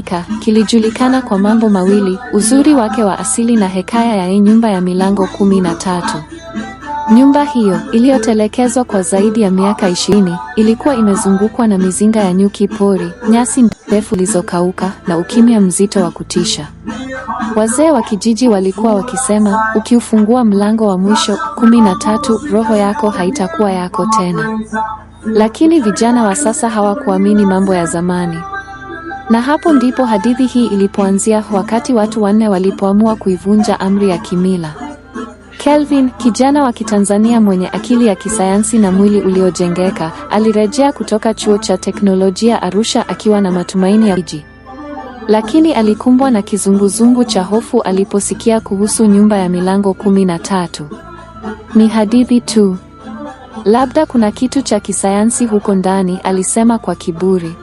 Tanganyika kilijulikana kwa mambo mawili, uzuri wake wa asili na hekaya ya nyumba ya milango kumi na tatu. Nyumba hiyo iliyotelekezwa kwa zaidi ya miaka ishirini ilikuwa imezungukwa na mizinga ya nyuki pori, nyasi ndefu zilizokauka na ukimya mzito wa kutisha. Wazee wa kijiji walikuwa wakisema, ukiufungua mlango wa mwisho kumi na tatu, roho yako haitakuwa yako tena. Lakini vijana wa sasa hawakuamini mambo ya zamani. Na hapo ndipo hadithi hii ilipoanzia, wakati watu wanne walipoamua kuivunja amri ya kimila. Kelvin, kijana wa Kitanzania mwenye akili ya kisayansi na mwili uliojengeka, alirejea kutoka chuo cha teknolojia Arusha akiwa na matumaini ya jiji. Lakini alikumbwa na kizunguzungu cha hofu aliposikia kuhusu nyumba ya milango kumi na tatu. Ni hadithi tu. Labda kuna kitu cha kisayansi huko ndani, alisema kwa kiburi.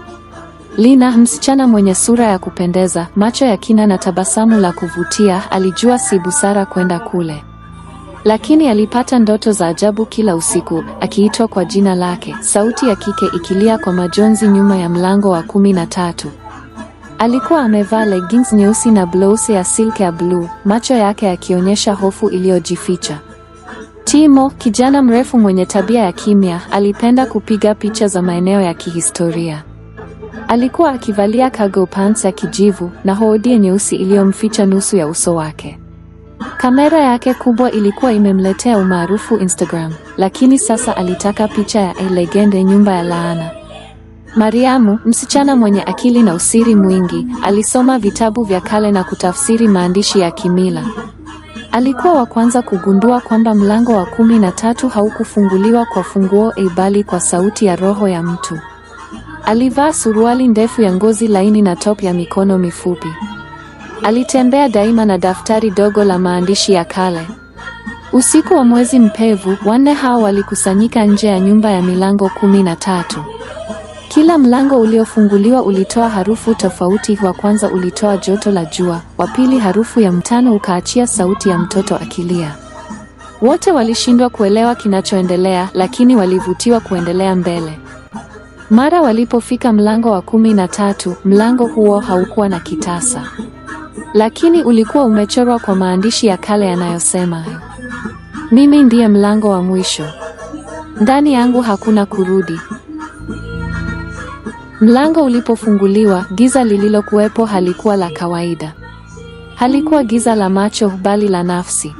Lina, msichana mwenye sura ya kupendeza, macho ya kina na tabasamu la kuvutia, alijua si busara kwenda kule. Lakini alipata ndoto za ajabu kila usiku, akiitwa kwa jina lake, sauti ya kike ikilia kwa majonzi nyuma ya mlango wa kumi na tatu. Alikuwa amevaa leggings nyeusi na blouse ya silk ya bluu, macho yake yakionyesha hofu iliyojificha. Timo, kijana mrefu mwenye tabia ya kimya, alipenda kupiga picha za maeneo ya kihistoria. Alikuwa akivalia cargo pants ya kijivu na hoodie nyeusi iliyomficha nusu ya uso wake. Kamera yake kubwa ilikuwa imemletea umaarufu Instagram, lakini sasa alitaka picha ya legende, nyumba ya laana. Mariamu, msichana mwenye akili na usiri mwingi, alisoma vitabu vya kale na kutafsiri maandishi ya kimila. Alikuwa wa kwanza kugundua kwamba mlango wa kumi na tatu haukufunguliwa kwa funguo, e bali kwa sauti ya roho ya mtu. Alivaa suruali ndefu ya ngozi laini na top ya mikono mifupi. Alitembea daima na daftari dogo la maandishi ya kale. Usiku wa mwezi mpevu, wanne hao walikusanyika nje ya nyumba ya milango kumi na tatu. Kila mlango uliofunguliwa ulitoa harufu tofauti. Wa kwanza ulitoa joto la jua, wa pili harufu ya mtano, ukaachia sauti ya mtoto akilia. Wote walishindwa kuelewa kinachoendelea, lakini walivutiwa kuendelea mbele. Mara walipofika mlango wa kumi na tatu, mlango huo haukuwa na kitasa, lakini ulikuwa umechorwa kwa maandishi ya kale yanayosema, mimi ndiye mlango wa mwisho, ndani yangu hakuna kurudi. Mlango ulipofunguliwa, giza lililokuwepo halikuwa la kawaida. Halikuwa giza la macho, bali la nafsi.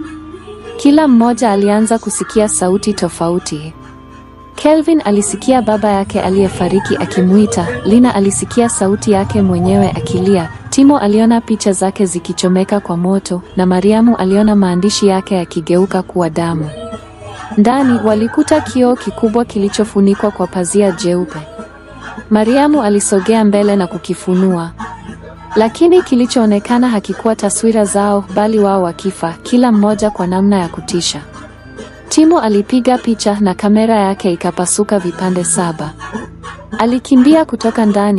Kila mmoja alianza kusikia sauti tofauti. Kelvin alisikia baba yake aliyefariki akimuita. Lina alisikia sauti yake mwenyewe akilia. Timo aliona picha zake zikichomeka kwa moto na Mariamu aliona maandishi yake yakigeuka kuwa damu. Ndani walikuta kioo kikubwa kilichofunikwa kwa pazia jeupe. Mariamu alisogea mbele na kukifunua. Lakini kilichoonekana hakikuwa taswira zao bali wao wakifa, kila mmoja kwa namna ya kutisha. Timo alipiga picha na kamera yake ikapasuka vipande saba. Alikimbia kutoka ndani